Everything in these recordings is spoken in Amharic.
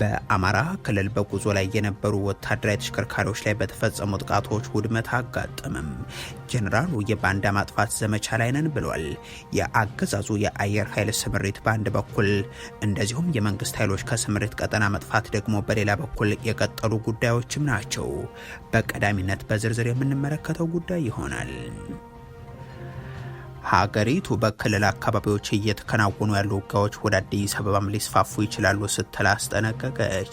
በአማራ ክልል በጉዞ ላይ የነበሩ ወታደራዊ ተሽከርካሪዎች ላይ በተፈጸሙ ጥቃቶች ውድመት አጋጠምም። ጀኔራሉ የባንዳ ማጥፋት ዘመቻ ላይ ነን ብሏል። የአገዛዙ የአየር ኃይል ስምሪት በአንድ በኩል እንደዚሁም የመንግስት ኃይሎች ከስምሪት ቀጠና መጥፋት ደግሞ በሌላ በኩል የቀጠሉ ጉዳዮችም ናቸው። በቀዳሚነት በዝርዝር የምንመለከተው ጉዳይ ይሆናል። ሀገሪቱ በክልል አካባቢዎች እየተከናወኑ ያሉ ውጊያዎች ወደ አዲስ አበባም ሊስፋፉ ይችላሉ ስትል አስጠነቀቀች።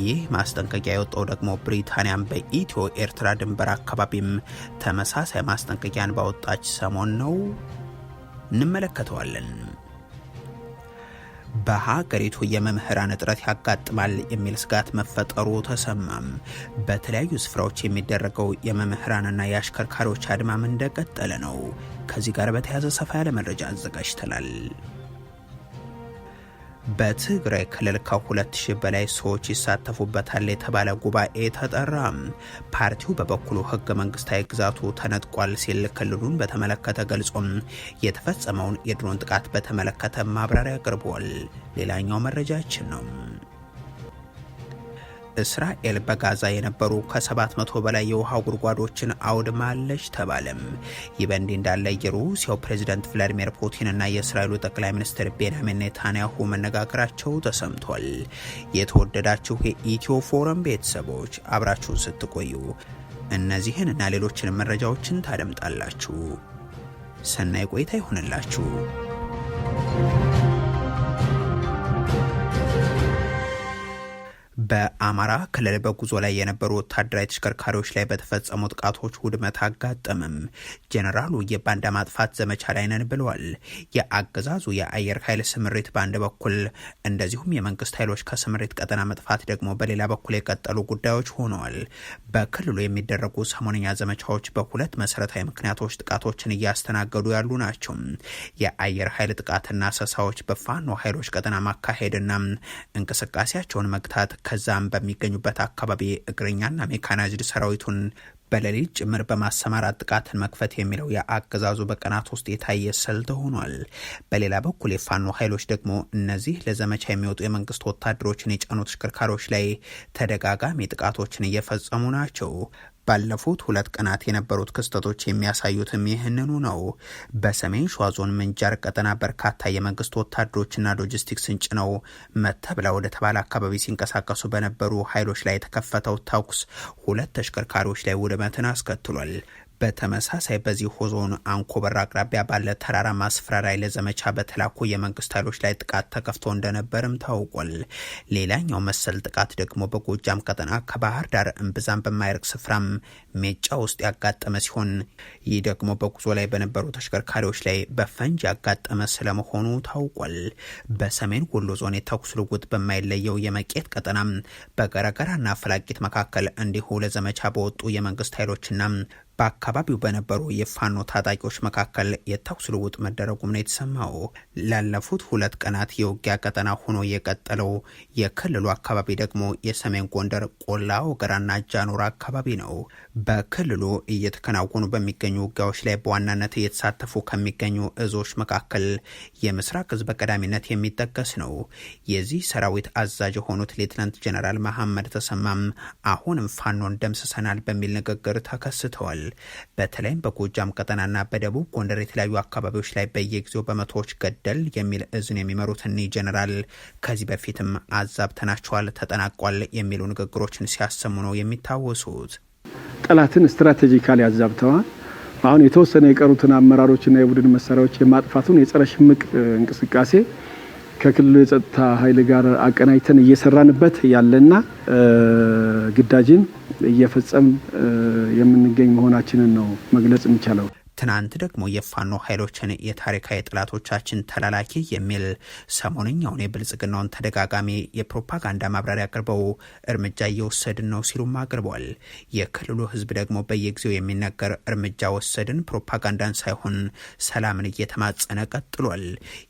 ይህ ማስጠንቀቂያ የወጣው ደግሞ ብሪታንያን በኢትዮ ኤርትራ ድንበር አካባቢም ተመሳሳይ ማስጠንቀቂያን ባወጣች ሰሞን ነው። እንመለከተዋለን። በሀገሪቱ የመምህራን እጥረት ያጋጥማል የሚል ስጋት መፈጠሩ ተሰማም። በተለያዩ ስፍራዎች የሚደረገው የመምህራንና የአሽከርካሪዎች አድማም እንደቀጠለ ነው። ከዚህ ጋር በተያያዘ ሰፋ ያለ መረጃ አዘጋጅተናል። በትግራይ ክልል ከሁለት ሺህ በላይ ሰዎች ይሳተፉበታል የተባለ ጉባኤ ተጠራ። ፓርቲው በበኩሉ ህገ መንግስታዊ ግዛቱ ተነጥቋል ሲል ክልሉን በተመለከተ ገልጾም የተፈጸመውን የድሮን ጥቃት በተመለከተ ማብራሪያ አቅርቧል። ሌላኛው መረጃችን ነው። እስራኤል በጋዛ የነበሩ ከ700 በላይ የውሃ ጉድጓዶችን አውድማለች ተባለም። ይህ በእንዲህ እንዳለ የሩሲያው ፕሬዚደንት ቭላዲሚር ፑቲን እና የእስራኤሉ ጠቅላይ ሚኒስትር ቤንያሚን ኔታንያሁ መነጋገራቸው ተሰምቷል። የተወደዳችሁ የኢትዮ ፎረም ቤተሰቦች አብራችሁን ስትቆዩ እነዚህን እና ሌሎችንም መረጃዎችን ታደምጣላችሁ። ሰናይ ቆይታ ይሆንላችሁ። በአማራ ክልል በጉዞ ላይ የነበሩ ወታደራዊ ተሽከርካሪዎች ላይ በተፈጸሙ ጥቃቶች ውድመት አጋጠምም። ጀኔራሉ የባንዳ ማጥፋት ዘመቻ ላይ ነን ብለዋል። የአገዛዙ የአየር ኃይል ስምሪት በአንድ በኩል እንደዚሁም የመንግስት ኃይሎች ከስምሪት ቀጠና መጥፋት ደግሞ በሌላ በኩል የቀጠሉ ጉዳዮች ሆነዋል። በክልሉ የሚደረጉ ሰሞነኛ ዘመቻዎች በሁለት መሰረታዊ ምክንያቶች ጥቃቶችን እያስተናገዱ ያሉ ናቸው። የአየር ኃይል ጥቃትና ሰሳዎች በፋኖ ኃይሎች ቀጠና ማካሄድና እንቅስቃሴያቸውን መግታት ከዛም በሚገኙበት አካባቢ እግረኛና ሜካናይዝድ ሰራዊቱን በሌሊት ጭምር በማሰማራት ጥቃትን መክፈት የሚለው የአገዛዙ በቀናት ውስጥ የታየ ስልት ሆኗል። በሌላ በኩል የፋኖ ኃይሎች ደግሞ እነዚህ ለዘመቻ የሚወጡ የመንግስት ወታደሮችን የጫኑ ተሽከርካሪዎች ላይ ተደጋጋሚ ጥቃቶችን እየፈጸሙ ናቸው። ባለፉት ሁለት ቀናት የነበሩት ክስተቶች የሚያሳዩትም ይህንኑ ነው። በሰሜን ሸዋ ዞን ምንጃር ቀጠና በርካታ የመንግስት ወታደሮችና ሎጂስቲክስን ጭነው መተብላ ወደ ተባለ አካባቢ ሲንቀሳቀሱ በነበሩ ኃይሎች ላይ የተከፈተው ተኩስ ሁለት ተሽከርካሪዎች ላይ ውድመትን አስከትሏል። በተመሳሳይ በዚሁ ዞን አንኮበር አቅራቢያ ባለ ተራራማ ስፍራ ላይ ለዘመቻ በተላኩ የመንግስት ኃይሎች ላይ ጥቃት ተከፍቶ እንደነበርም ታውቋል። ሌላኛው መሰል ጥቃት ደግሞ በጎጃም ቀጠና ከባህር ዳር እምብዛም በማይርቅ ስፍራም ሜጫ ውስጥ ያጋጠመ ሲሆን ይህ ደግሞ በጉዞ ላይ በነበሩ ተሽከርካሪዎች ላይ በፈንጅ ያጋጠመ ስለመሆኑ ታውቋል። በሰሜን ወሎ ዞን የተኩስ ልውውጥ በማይለየው የመቄት ቀጠና በገረገራና ፍላቂት መካከል እንዲሁ ለዘመቻ በወጡ የመንግስት ኃይሎችና በአካባቢው በነበሩ የፋኖ ታጣቂዎች መካከል የተኩስ ልውውጥ መደረጉም ነው የተሰማው። ላለፉት ሁለት ቀናት የውጊያ ቀጠና ሆኖ የቀጠለው የክልሉ አካባቢ ደግሞ የሰሜን ጎንደር ቆላ ወገራና ጃኖራ አካባቢ ነው። በክልሉ እየተከናወኑ በሚገኙ ውጊያዎች ላይ በዋናነት እየተሳተፉ ከሚገኙ እዞች መካከል የምስራቅ ህዝብ በቀዳሚነት የሚጠቀስ ነው። የዚህ ሰራዊት አዛዥ የሆኑት ሌትናንት ጀነራል መሐመድ ተሰማም አሁንም ፋኖን ደምስሰናል በሚል ንግግር ተከስተዋል። በተለይም በጎጃም ቀጠናና በደቡብ ጎንደር የተለያዩ አካባቢዎች ላይ በየጊዜው በመቶዎች ገደል የሚል እዝን የሚመሩት እኒህ ጀነራል ከዚህ በፊትም አዛብተናቸዋል፣ ተጠናቋል የሚሉ ንግግሮችን ሲያሰሙ ነው የሚታወሱት። ጠላትን ስትራቴጂካሊ አዛብተዋል። አሁን የተወሰነ የቀሩትን አመራሮችና የቡድን መሳሪያዎች የማጥፋቱን የጸረ ሽምቅ እንቅስቃሴ ከክልሉ የጸጥታ ኃይል ጋር አቀናጅተን እየሰራንበት ያለና ግዳጅን እየፈጸም የምንገኝ መሆናችንን ነው መግለጽ የሚቻለው። ትናንት ደግሞ የፋኖ ኃይሎችን የታሪካዊ ጠላቶቻችን ተላላኪ የሚል ሰሞንኛውን የብልጽግናውን ተደጋጋሚ የፕሮፓጋንዳ ማብራሪያ አቅርበው እርምጃ እየወሰድን ነው ሲሉም አቅርቧል። የክልሉ ህዝብ ደግሞ በየጊዜው የሚነገር እርምጃ ወሰድን ፕሮፓጋንዳን ሳይሆን ሰላምን እየተማጸነ ቀጥሏል።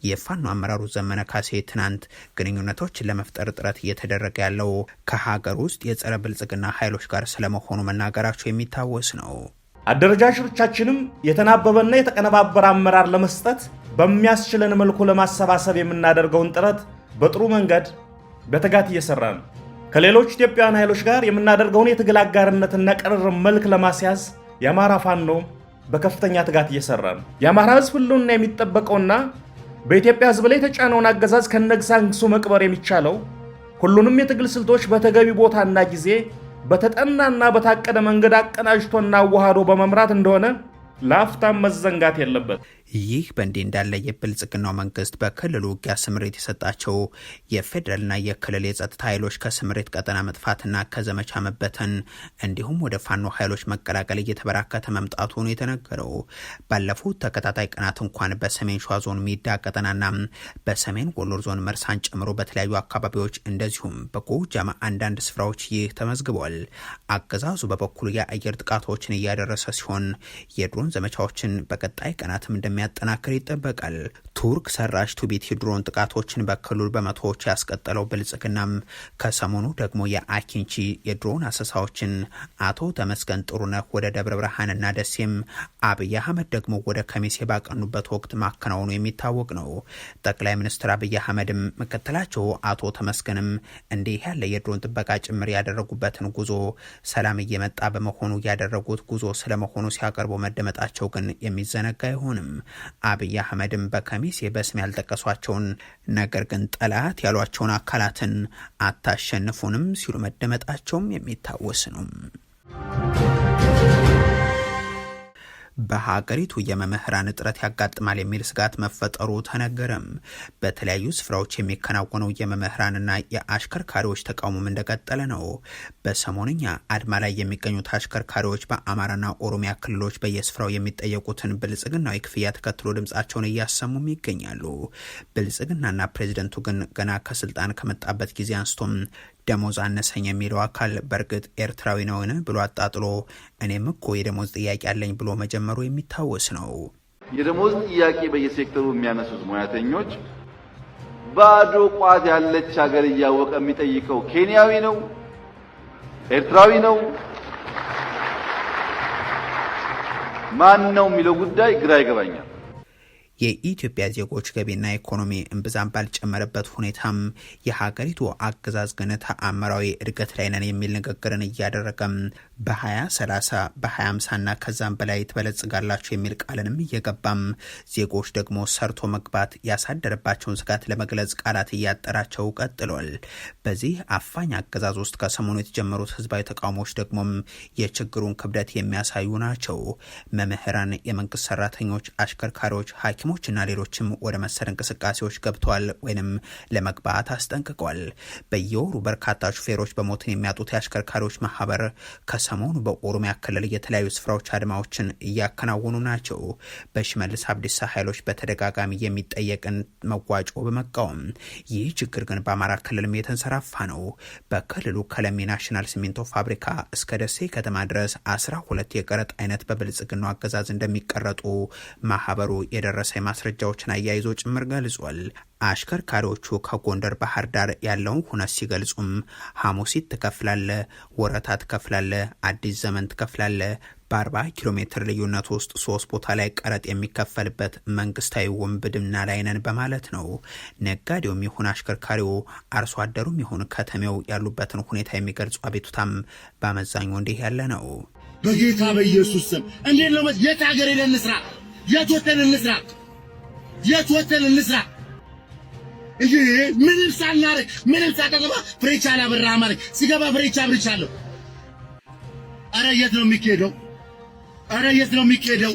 የፋኖ አመራሩ ዘመነ ካሴ ትናንት ግንኙነቶችን ለመፍጠር ጥረት እየተደረገ ያለው ከሀገር ውስጥ የጸረ ብልጽግና ኃይሎች ጋር ስለመሆኑ መናገራቸው የሚታወስ ነው። አደረጃጀቶቻችንም የተናበበና የተቀነባበረ አመራር ለመስጠት በሚያስችለን መልኩ ለማሰባሰብ የምናደርገውን ጥረት በጥሩ መንገድ በትጋት እየሰራ ነው። ከሌሎች ኢትዮጵያውያን ኃይሎች ጋር የምናደርገውን የትግል አጋርነትና ቅርርብ መልክ ለማስያዝ የአማራ ፋኖ በከፍተኛ ትጋት እየሰራ ነው። የአማራ ሕዝብ ህልውና የሚጠበቀውና በኢትዮጵያ ህዝብ ላይ የተጫነውን አገዛዝ ከነግሳንግሱ መቅበር የሚቻለው ሁሉንም የትግል ስልቶች በተገቢ ቦታና ጊዜ በተጠናና በታቀደ መንገድ አቀናጅቶና አዋህዶ በመምራት እንደሆነ ላፍታም መዘንጋት የለበት። ይህ በእንዲህ እንዳለ የብልጽግናው መንግስት በክልሉ ውጊያ ስምሪት የሰጣቸው የፌዴራልና የክልል የጸጥታ ኃይሎች ከስምሪት ቀጠና መጥፋትና ከዘመቻ መበተን እንዲሁም ወደ ፋኖ ኃይሎች መቀላቀል እየተበራከተ መምጣቱ ነው የተነገረው። ባለፉት ተከታታይ ቀናት እንኳን በሰሜን ሸዋ ዞን ሚዳ ቀጠናና በሰሜን ወሎ ዞን መርሳን ጨምሮ በተለያዩ አካባቢዎች እንደዚሁም በጎጃም አንዳንድ ስፍራዎች ይህ ተመዝግቧል። አገዛዙ በበኩሉ የአየር ጥቃቶችን እያደረሰ ሲሆን የድሮን ዘመቻዎችን በቀጣይ ቀናትም እንደሚ እንደሚያጠናክር ይጠበቃል። ቱርክ ሰራሽ ቱቢት የድሮን ጥቃቶችን በክሉል በመቶዎች ያስቀጠለው ብልጽግናም ከሰሞኑ ደግሞ የአኪንቺ የድሮን አሰሳዎችን አቶ ተመስገን ጥሩነህ ወደ ደብረ ብርሃንና ደሴም አብይ አህመድ ደግሞ ወደ ከሚሴ ባቀኑበት ወቅት ማከናወኑ የሚታወቅ ነው። ጠቅላይ ሚኒስትር አብይ አህመድም ምክትላቸው አቶ ተመስገንም እንዲህ ያለ የድሮን ጥበቃ ጭምር ያደረጉበትን ጉዞ ሰላም እየመጣ በመሆኑ ያደረጉት ጉዞ ስለመሆኑ ሲያቀርቡ መደመጣቸው ግን የሚዘነጋ አይሆንም። አብይ አህመድም በከሚሴ በስም ያልጠቀሷቸውን ነገር ግን ጠላት ያሏቸውን አካላትን አታሸንፉንም ሲሉ መደመጣቸውም የሚታወስ ነው። በሀገሪቱ የመምህራን እጥረት ያጋጥማል የሚል ስጋት መፈጠሩ ተነገረም። በተለያዩ ስፍራዎች የሚከናወነው የመምህራንና የአሽከርካሪዎች ተቃውሞም እንደቀጠለ ነው። በሰሞንኛ አድማ ላይ የሚገኙት አሽከርካሪዎች በአማራና ኦሮሚያ ክልሎች በየስፍራው የሚጠየቁትን ብልጽግናዊ ክፍያ ተከትሎ ድምጻቸውን እያሰሙም ይገኛሉ። ብልጽግናና ፕሬዚደንቱ ግን ገና ከስልጣን ከመጣበት ጊዜ አንስቶም ደሞዝ አነሰኝ የሚለው አካል በእርግጥ ኤርትራዊ ነውን ብሎ አጣጥሎ እኔም እኮ የደሞዝ ጥያቄ አለኝ ብሎ መጀመሩ የሚታወስ ነው። የደሞዝ ጥያቄ በየሴክተሩ የሚያነሱት ሙያተኞች ባዶ ቋት ያለች ሀገር እያወቀ የሚጠይቀው ኬንያዊ ነው፣ ኤርትራዊ ነው፣ ማን ነው የሚለው ጉዳይ ግራ ይገባኛል። የኢትዮጵያ ዜጎች ገቢና ኢኮኖሚ እምብዛም ባልጨመረበት ሁኔታም የሀገሪቱ አገዛዝ ግን ተአምራዊ እድገት ላይ ነን የሚል ንግግርን እያደረገም በ2030 በ2050ና ከዛም በላይ ትበለጽጋላችሁ የሚል ቃልንም እየገባም ዜጎች ደግሞ ሰርቶ መግባት ያሳደረባቸውን ስጋት ለመግለጽ ቃላት እያጠራቸው ቀጥሏል። በዚህ አፋኝ አገዛዝ ውስጥ ከሰሞኑ የተጀመሩት ህዝባዊ ተቃውሞዎች ደግሞም የችግሩን ክብደት የሚያሳዩ ናቸው። መምህራን፣ የመንግስት ሰራተኞች፣ አሽከርካሪዎች፣ ሐኪሞችና ሌሎችም ወደ መሰል እንቅስቃሴዎች ገብተዋል ወይንም ለመግባት አስጠንቅቋል። በየወሩ በርካታ ሹፌሮች በሞትን የሚያጡት የአሽከርካሪዎች ማህበር ከሰሞኑ በኦሮሚያ ክልል የተለያዩ ስፍራዎች አድማዎችን እያከናወኑ ናቸው። በሽመልስ አብዲሳ ኃይሎች በተደጋጋሚ የሚጠየቅን መዋጮ በመቃወም ይህ ችግር ግን በአማራ ክልልም የተንሰራፋ ነው። በክልሉ ከለሚ ናሽናል ሲሚንቶ ፋብሪካ እስከ ደሴ ከተማ ድረስ አስራ ሁለት የቀረጥ አይነት በብልጽግናው አገዛዝ እንደሚቀረጡ ማህበሩ የደረሰ ማስረጃዎችን አያይዞ ጭምር ገልጿል። አሽከርካሪዎቹ ከጎንደር ባህር ዳር ያለውን ሁነት ሲገልጹም ሐሙሲት ትከፍላለ፣ ወረታ ትከፍላለ፣ አዲስ ዘመን ትከፍላለ በ40 ኪሎ ሜትር ልዩነት ውስጥ ሶስት ቦታ ላይ ቀረጥ የሚከፈልበት መንግስታዊ ውንብድና ላይ ነን በማለት ነው። ነጋዴውም ይሁን አሽከርካሪው፣ አርሶ አደሩም ይሁን ከተሜው ያሉበትን ሁኔታ የሚገልጹ አቤቱታም በአመዛኙ እንዲህ ያለ ነው። በጌታ በኢየሱስ ስም እንዴት ነው? የት ሀገር ሄደን እንስራ? የት ወተን እንስራ? የት ወተን እንስራ? ይሄ ምንም ሳናረግ ምንም ሳቀቀባ ፍሬቻ አላበራ ማለት ሲገባ ፍሬቻ አብርቻለሁ። አረ የት ነው የሚካሄደው? አረ የት ነው የሚካሄደው?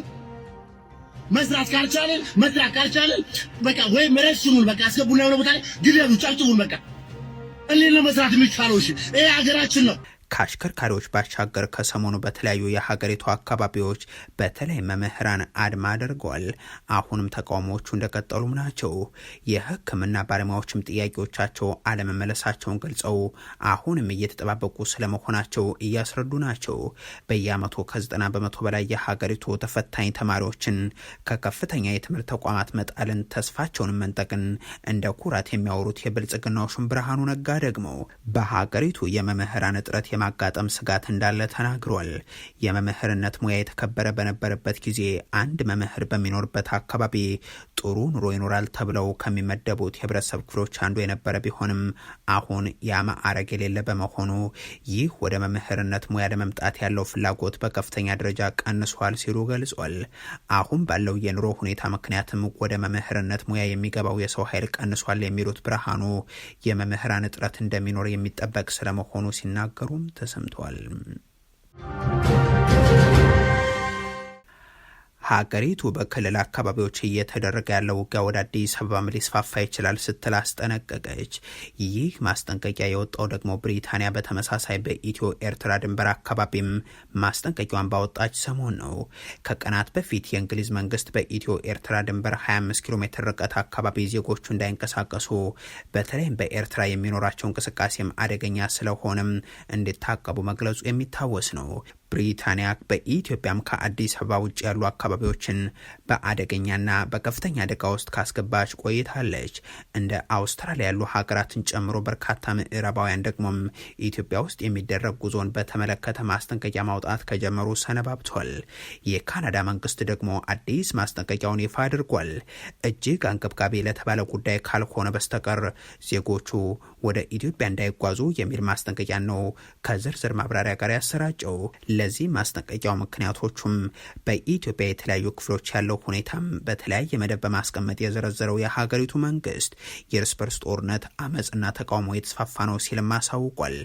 መስራት ካልቻለን መስራት ካልቻለን በቃ ወይም ረሽኑን በቃ አስገቡና የሆነ ቦታ ላይ በቃ ነው መስራት የሚቻለው? እሺ ይሄ ሀገራችን ነው። ከአሽከርካሪዎች ባሻገር ከሰሞኑ በተለያዩ የሀገሪቱ አካባቢዎች በተለይ መምህራን አድማ አድርገዋል። አሁንም ተቃውሞዎቹ እንደቀጠሉም ናቸው። የሕክምና ባለሙያዎችም ጥያቄዎቻቸው አለመመለሳቸውን ገልጸው አሁንም እየተጠባበቁ ስለመሆናቸው እያስረዱ ናቸው። በየዓመቱ ከዘጠና በመቶ በላይ የሀገሪቱ ተፈታኝ ተማሪዎችን ከከፍተኛ የትምህርት ተቋማት መጣልን ተስፋቸውን መንጠቅን እንደ ኩራት የሚያወሩት የብልጽግናዎቹን ብርሃኑ ነጋ ደግሞ በሀገሪቱ የመምህራን እጥረት የማጋጠም ስጋት እንዳለ ተናግሯል። የመምህርነት ሙያ የተከበረ በነበረበት ጊዜ አንድ መምህር በሚኖርበት አካባቢ ጥሩ ኑሮ ይኖራል ተብለው ከሚመደቡት የህብረተሰብ ክፍሎች አንዱ የነበረ ቢሆንም አሁን ያ ማዕረግ የሌለ በመሆኑ ይህ ወደ መምህርነት ሙያ ለመምጣት ያለው ፍላጎት በከፍተኛ ደረጃ ቀንሷል ሲሉ ገልጿል። አሁን ባለው የኑሮ ሁኔታ ምክንያትም ወደ መምህርነት ሙያ የሚገባው የሰው ኃይል ቀንሷል የሚሉት ብርሃኑ የመምህራን እጥረት እንደሚኖር የሚጠበቅ ስለመሆኑ ሲናገሩም ተሰምተዋል። ሀገሪቱ በክልል አካባቢዎች እየተደረገ ያለው ውጊያ ወደ አዲስ አበባም ሊስፋፋ ይችላል ስትል አስጠነቀቀች። ይህ ማስጠንቀቂያ የወጣው ደግሞ ብሪታንያ በተመሳሳይ በኢትዮ ኤርትራ ድንበር አካባቢም ማስጠንቀቂያዋን ባወጣች ሰሞን ነው። ከቀናት በፊት የእንግሊዝ መንግስት በኢትዮ ኤርትራ ድንበር 25 ኪሎ ሜትር ርቀት አካባቢ ዜጎቹ እንዳይንቀሳቀሱ በተለይም በኤርትራ የሚኖራቸው እንቅስቃሴም አደገኛ ስለሆነም እንዲታቀቡ መግለጹ የሚታወስ ነው። ብሪታንያ በኢትዮጵያም ከአዲስ አበባ ውጭ ያሉ አካባቢዎችን በአደገኛና በከፍተኛ አደጋ ውስጥ ካስገባች ቆይታለች። እንደ አውስትራሊያ ያሉ ሀገራትን ጨምሮ በርካታ ምዕራባውያን ደግሞም ኢትዮጵያ ውስጥ የሚደረግ ጉዞን በተመለከተ ማስጠንቀቂያ ማውጣት ከጀመሩ ሰነባብቷል። የካናዳ መንግስት ደግሞ አዲስ ማስጠንቀቂያውን ይፋ አድርጓል። እጅግ አንገብጋቢ ለተባለ ጉዳይ ካልሆነ በስተቀር ዜጎቹ ወደ ኢትዮጵያ እንዳይጓዙ የሚል ማስጠንቀቂያ ነው ከዝርዝር ማብራሪያ ጋር ያሰራጨው። ለዚህ ማስጠንቀቂያው ምክንያቶቹም በኢትዮጵያ የተለያዩ ክፍሎች ያለው ሁኔታም በተለያየ መደብ በማስቀመጥ የዘረዘረው የሀገሪቱ መንግስት የእርስ በርስ ጦርነት፣ አመፅና ተቃውሞ የተስፋፋ ነው ሲልም አሳውቋል።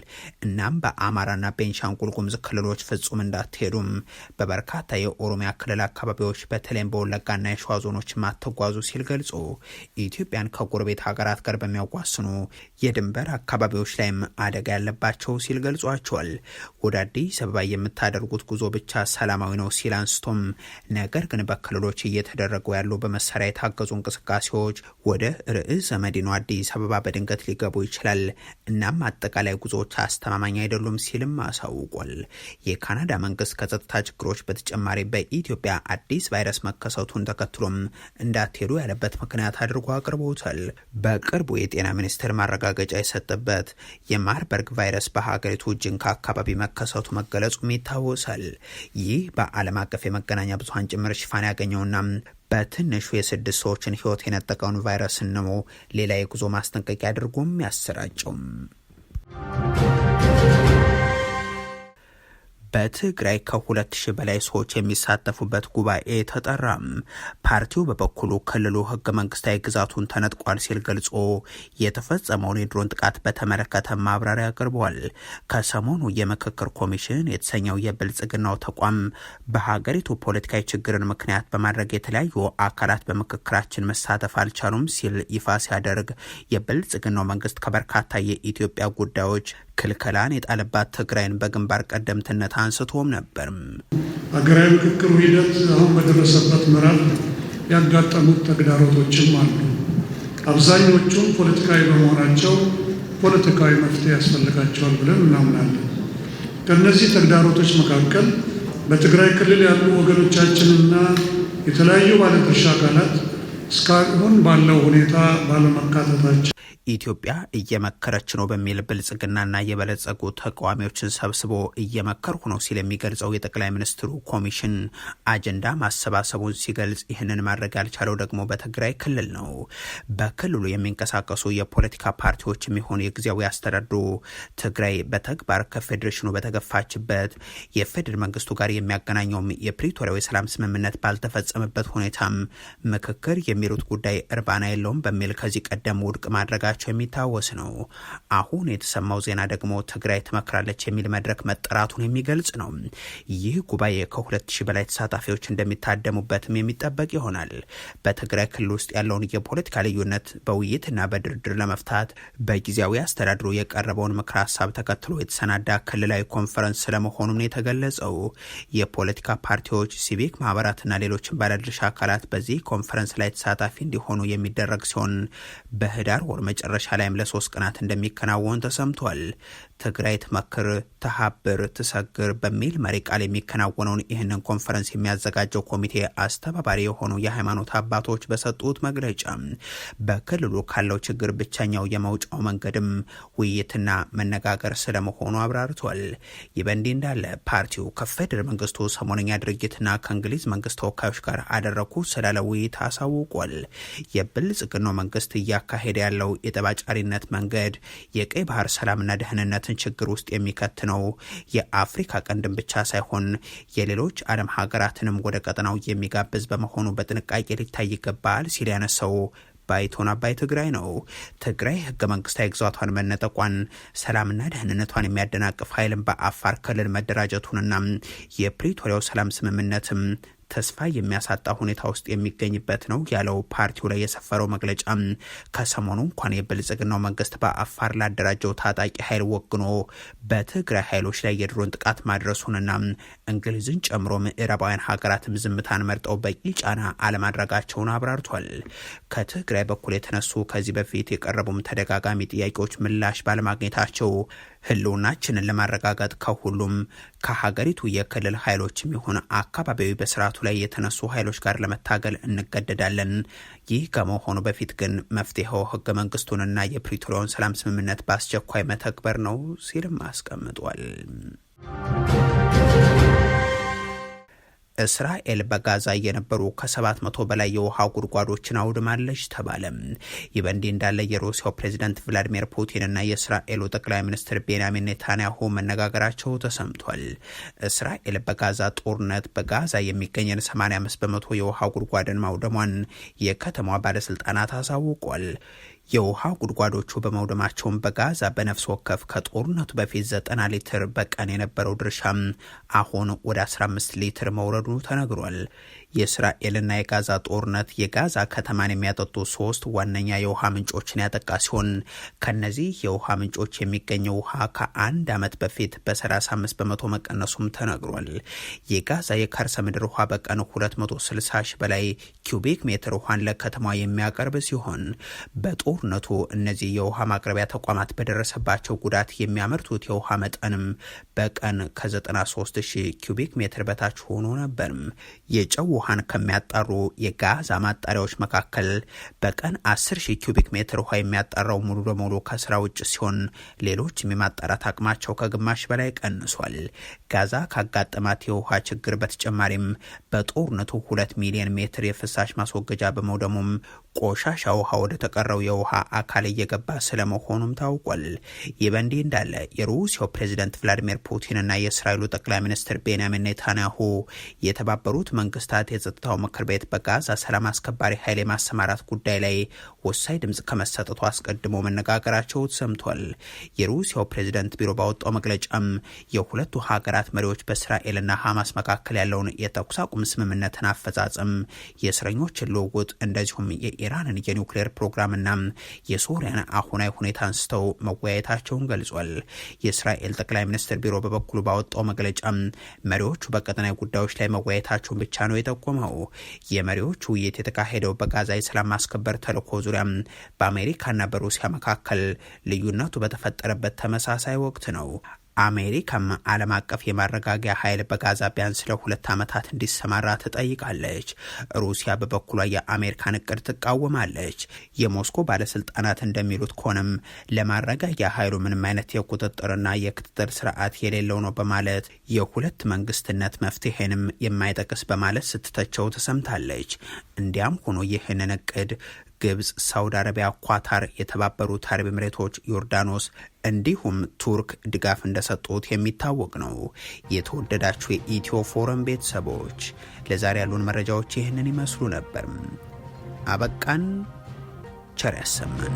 እናም በአማራና ቤንሻንጉል ጉምዝ ክልሎች ፍጹም እንዳትሄዱም በበርካታ የኦሮሚያ ክልል አካባቢዎች በተለይም በወለጋና የሸዋ ዞኖች ማተጓዙ ሲል ገልጾ ኢትዮጵያን ከጎረቤት ሀገራት ጋር በሚያዋስኑ የድንበር አካባቢዎች ላይም አደጋ ያለባቸው ሲል ገልጿቸዋል። ወደ አዲስ አበባ የምታ የምታደርጉት ጉዞ ብቻ ሰላማዊ ነው ሲል አንስቶም ነገር ግን በክልሎች እየተደረጉ ያሉ በመሳሪያ የታገዙ እንቅስቃሴዎች ወደ ርዕሰ መዲናው አዲስ አበባ በድንገት ሊገቡ ይችላል። እናም አጠቃላይ ጉዞዎች አስተማማኝ አይደሉም ሲልም አሳውቋል። የካናዳ መንግስት ከጸጥታ ችግሮች በተጨማሪ በኢትዮጵያ አዲስ ቫይረስ መከሰቱን ተከትሎም እንዳትሄዱ ያለበት ምክንያት አድርጎ አቅርቦታል። በቅርቡ የጤና ሚኒስቴር ማረጋገጫ የሰጠበት የማርበርግ ቫይረስ በሀገሪቱ ጅንካ አካባቢ መከሰቱ መገለጹ ሚታ ይታወሳል። ይህ በዓለም አቀፍ የመገናኛ ብዙሀን ጭምር ሽፋን ያገኘውና በትንሹ የስድስት ሰዎችን ህይወት የነጠቀውን ቫይረስን ነው ሌላ የጉዞ ማስጠንቀቂያ አድርጎም ያሰራጨውም። በትግራይ ከሁለት ሺህ በላይ ሰዎች የሚሳተፉበት ጉባኤ ተጠራም። ፓርቲው በበኩሉ ክልሉ ህገ መንግስታዊ ግዛቱን ተነጥቋል ሲል ገልጾ የተፈጸመውን የድሮን ጥቃት በተመለከተ ማብራሪያ አቅርቧል። ከሰሞኑ የምክክር ኮሚሽን የተሰኘው የብልጽግናው ተቋም በሀገሪቱ ፖለቲካዊ ችግርን ምክንያት በማድረግ የተለያዩ አካላት በምክክራችን መሳተፍ አልቻሉም ሲል ይፋ ሲያደርግ የብልጽግናው መንግስት ከበርካታ የኢትዮጵያ ጉዳዮች ክልከላን የጣለባት ትግራይን በግንባር ቀደምትነት አንስቶም ነበርም። ሀገራዊ ምክክሩ ሂደት አሁን በደረሰበት ምዕራፍ ያጋጠሙት ተግዳሮቶችም አሉ። አብዛኞቹም ፖለቲካዊ በመሆናቸው ፖለቲካዊ መፍትሄ ያስፈልጋቸዋል ብለን እናምናለን። ከእነዚህ ተግዳሮቶች መካከል በትግራይ ክልል ያሉ ወገኖቻችንና የተለያዩ ባለድርሻ አካላት እስካሁን ባለው ሁኔታ ባለመካተታቸው ኢትዮጵያ እየመከረች ነው በሚል ብልጽግናና የበለጸጉ ተቃዋሚዎችን ሰብስቦ እየመከርሁ ነው ሲል የሚገልጸው የጠቅላይ ሚኒስትሩ ኮሚሽን አጀንዳ ማሰባሰቡን ሲገልጽ ይህንን ማድረግ ያልቻለው ደግሞ በትግራይ ክልል ነው። በክልሉ የሚንቀሳቀሱ የፖለቲካ ፓርቲዎች የሚሆኑ የጊዜያዊ አስተዳድሩ ትግራይ በተግባር ከፌዴሬሽኑ በተገፋችበት የፌዴራል መንግስቱ ጋር የሚያገናኘውም የፕሪቶሪያው የሰላም ስምምነት ባልተፈጸመበት ሁኔታም ምክክር የሚሉት ጉዳይ እርባና የለውም በሚል ከዚህ ቀደም ውድቅ ማድረግ ማድረጋቸው የሚታወስ ነው። አሁን የተሰማው ዜና ደግሞ ትግራይ ትመክራለች የሚል መድረክ መጠራቱን የሚገልጽ ነው። ይህ ጉባኤ ከሁለት ሺህ በላይ ተሳታፊዎች እንደሚታደሙበትም የሚጠበቅ ይሆናል። በትግራይ ክልል ውስጥ ያለውን የፖለቲካ ልዩነት በውይይትና በድርድር ለመፍታት በጊዜያዊ አስተዳድሩ የቀረበውን ምክር ሀሳብ ተከትሎ የተሰናዳ ክልላዊ ኮንፈረንስ ስለመሆኑም ነው የተገለጸው። የፖለቲካ ፓርቲዎች፣ ሲቪክ ማህበራትና ሌሎችን ባለድርሻ አካላት በዚህ ኮንፈረንስ ላይ ተሳታፊ እንዲሆኑ የሚደረግ ሲሆን በህዳር ወር መጨረሻ ላይም ለሶስት ቀናት እንደሚከናወን ተሰምቷል። ትግራይ ትመክር ትሀብር ትሰግር በሚል መሪ ቃል የሚከናወነውን ይህንን ኮንፈረንስ የሚያዘጋጀው ኮሚቴ አስተባባሪ የሆኑ የሃይማኖት አባቶች በሰጡት መግለጫ በክልሉ ካለው ችግር ብቸኛው የመውጫው መንገድም ውይይትና መነጋገር ስለመሆኑ አብራርቷል። ይህ በእንዲህ እንዳለ ፓርቲው ከፌዴራል መንግስቱ ሰሞነኛ ድርጊትና ከእንግሊዝ መንግስት ተወካዮች ጋር አደረኩ ስላለ ውይይት አሳውቋል። የብልጽግናው መንግስት እያካሄደ ያለው የጠባጫሪነት መንገድ የቀይ ባህር ሰላምና ደህንነት ያሉበትን ችግር ውስጥ የሚከት ነው። የአፍሪካ ቀንድን ብቻ ሳይሆን የሌሎች ዓለም ሀገራትንም ወደ ቀጠናው የሚጋብዝ በመሆኑ በጥንቃቄ ሊታይ ይገባል ሲል ያነሰው ባይቶን አባይ ትግራይ ነው። ትግራይ ህገ መንግስታዊ ግዛቷን መነጠቋን ሰላምና ደህንነቷን የሚያደናቅፍ ኃይልን በአፋር ክልል መደራጀቱንና የፕሪቶሪያው ሰላም ስምምነትም ተስፋ የሚያሳጣ ሁኔታ ውስጥ የሚገኝበት ነው ያለው ፓርቲው ላይ የሰፈረው መግለጫ ከሰሞኑ እንኳን የብልጽግናው መንግስት በአፋር ላደራጀው ታጣቂ ኃይል ወግኖ በትግራይ ኃይሎች ላይ የድሮን ጥቃት ማድረሱንና እንግሊዝን ጨምሮ ምዕራባውያን ሀገራትም ዝምታን መርጠው በቂ ጫና አለማድረጋቸውን አብራርቷል። ከትግራይ በኩል የተነሱ ከዚህ በፊት የቀረቡም ተደጋጋሚ ጥያቄዎች ምላሽ ባለማግኘታቸው ህልውናችንን ለማረጋገጥ ከሁሉም ከሀገሪቱ የክልል ኃይሎችም የሆነ አካባቢያዊ በስርዓቱ ላይ የተነሱ ኃይሎች ጋር ለመታገል እንገደዳለን። ይህ ከመሆኑ በፊት ግን መፍትሄው ህገ መንግስቱንና የፕሪቶሪያውን ሰላም ስምምነት በአስቸኳይ መተግበር ነው ሲልም አስቀምጧል። እስራኤል በጋዛ የነበሩ ከ700 በላይ የውሃ ጉድጓዶችን አውድማለች ተባለም። ይህ በእንዲህ እንዳለ የሩሲያው ፕሬዚዳንት ቭላዲሚር ፑቲንና የእስራኤሉ ጠቅላይ ሚኒስትር ቤንያሚን ኔታንያሁ መነጋገራቸው ተሰምቷል። እስራኤል በጋዛ ጦርነት በጋዛ የሚገኘን 85 በመቶ የውሃ ጉድጓድን ማውደሟን የከተማዋ ባለስልጣናት አሳውቋል። የውሃ ጉድጓዶቹ በመውደማቸውን በጋዛ በነፍስ ወከፍ ከጦርነቱ በፊት ዘጠና ሊትር በቀን የነበረው ድርሻም አሁን ወደ 15 ሊትር መውረዱ ተነግሯል። የእስራኤልና የጋዛ ጦርነት የጋዛ ከተማን የሚያጠጡ ሶስት ዋነኛ የውሃ ምንጮችን ያጠቃ ሲሆን ከነዚህ የውሃ ምንጮች የሚገኘው ውሃ ከአንድ ዓመት በፊት በ35 በመቶ መቀነሱም ተነግሯል። የጋዛ የከርሰ ምድር ውሃ በቀን 260 ሺህ በላይ ኪዩቢክ ሜትር ውሃን ለከተማ የሚያቀርብ ሲሆን በጦርነቱ እነዚህ የውሃ ማቅረቢያ ተቋማት በደረሰባቸው ጉዳት የሚያመርቱት የውሃ መጠንም በቀን ከ93 ሺህ ኪዩቢክ ሜትር በታች ሆኖ ነበርም የጨው ውሃን ከሚያጣሩ የጋዛ ማጣሪያዎች መካከል በቀን 10 ሺህ ኪዩቢክ ሜትር ውሃ የሚያጣራው ሙሉ ለሙሉ ከስራ ውጭ ሲሆን ሌሎች የማጣራት አቅማቸው ከግማሽ በላይ ቀንሷል። ጋዛ ካጋጠማት የውሃ ችግር በተጨማሪም በጦርነቱ ሁለት ሚሊዮን ሜትር የፍሳሽ ማስወገጃ በመውደሙም ቆሻሻ ውሃ ወደ ተቀረው የውሃ አካል እየገባ ስለመሆኑም ታውቋል። ይህ በእንዲህ እንዳለ የሩሲያው ፕሬዚደንት ቭላዲሚር ፑቲንና የእስራኤሉ ጠቅላይ ሚኒስትር ቤንያሚን ኔታንያሁ የተባበሩት መንግስታት የጸጥታው ምክር ቤት በጋዛ ሰላም አስከባሪ ኃይል የማሰማራት ጉዳይ ላይ ወሳኝ ድምፅ ከመሰጠቱ አስቀድሞ መነጋገራቸው ሰምቷል። የሩሲያው ፕሬዚደንት ቢሮ ባወጣው መግለጫም የሁለቱ ሀገራት መሪዎች በእስራኤልና ሐማስ መካከል ያለውን የተኩስ አቁም ስምምነትን አፈጻጸም፣ የእስረኞችን ልውውጥ እንደዚሁም የኢራንን የኒውክሌር ፕሮግራምና የሶሪያን አሁናዊ ሁኔታ አንስተው መወያየታቸውን ገልጿል። የእስራኤል ጠቅላይ ሚኒስትር ቢሮ በበኩሉ ባወጣው መግለጫ መሪዎቹ በቀጠናዊ ጉዳዮች ላይ መወያየታቸውን ብቻ ነው የጠቆመው። የመሪዎቹ ውይይት የተካሄደው በጋዛ የሰላም ማስከበር ተልእኮ ዙሪያ በአሜሪካና በሩሲያ መካከል ልዩነቱ በተፈጠረበት ተመሳሳይ ወቅት ነው። አሜሪካም ዓለም አቀፍ የማረጋጊያ ኃይል በጋዛ ቢያንስ ለሁለት ዓመታት እንዲሰማራ ትጠይቃለች። ሩሲያ በበኩሏ የአሜሪካን እቅድ ትቃወማለች። የሞስኮ ባለስልጣናት እንደሚሉት ከሆነም ለማረጋጊያ ኃይሉ ምንም አይነት የቁጥጥርና የክትትል ስርዓት የሌለው ነው በማለት የሁለት መንግስትነት መፍትሄንም የማይጠቅስ በማለት ስትተቸው ተሰምታለች። እንዲያም ሆኖ ይህንን እቅድ ግብፅ ሳውዲ አረቢያ፣ ኳታር፣ የተባበሩት አረብ ኤምሬቶች፣ ዮርዳኖስ እንዲሁም ቱርክ ድጋፍ እንደሰጡት የሚታወቅ ነው። የተወደዳችሁ የኢትዮ ፎረም ቤተሰቦች ለዛሬ ያሉን መረጃዎች ይህንን ይመስሉ ነበር። አበቃን። ቸር ያሰማን።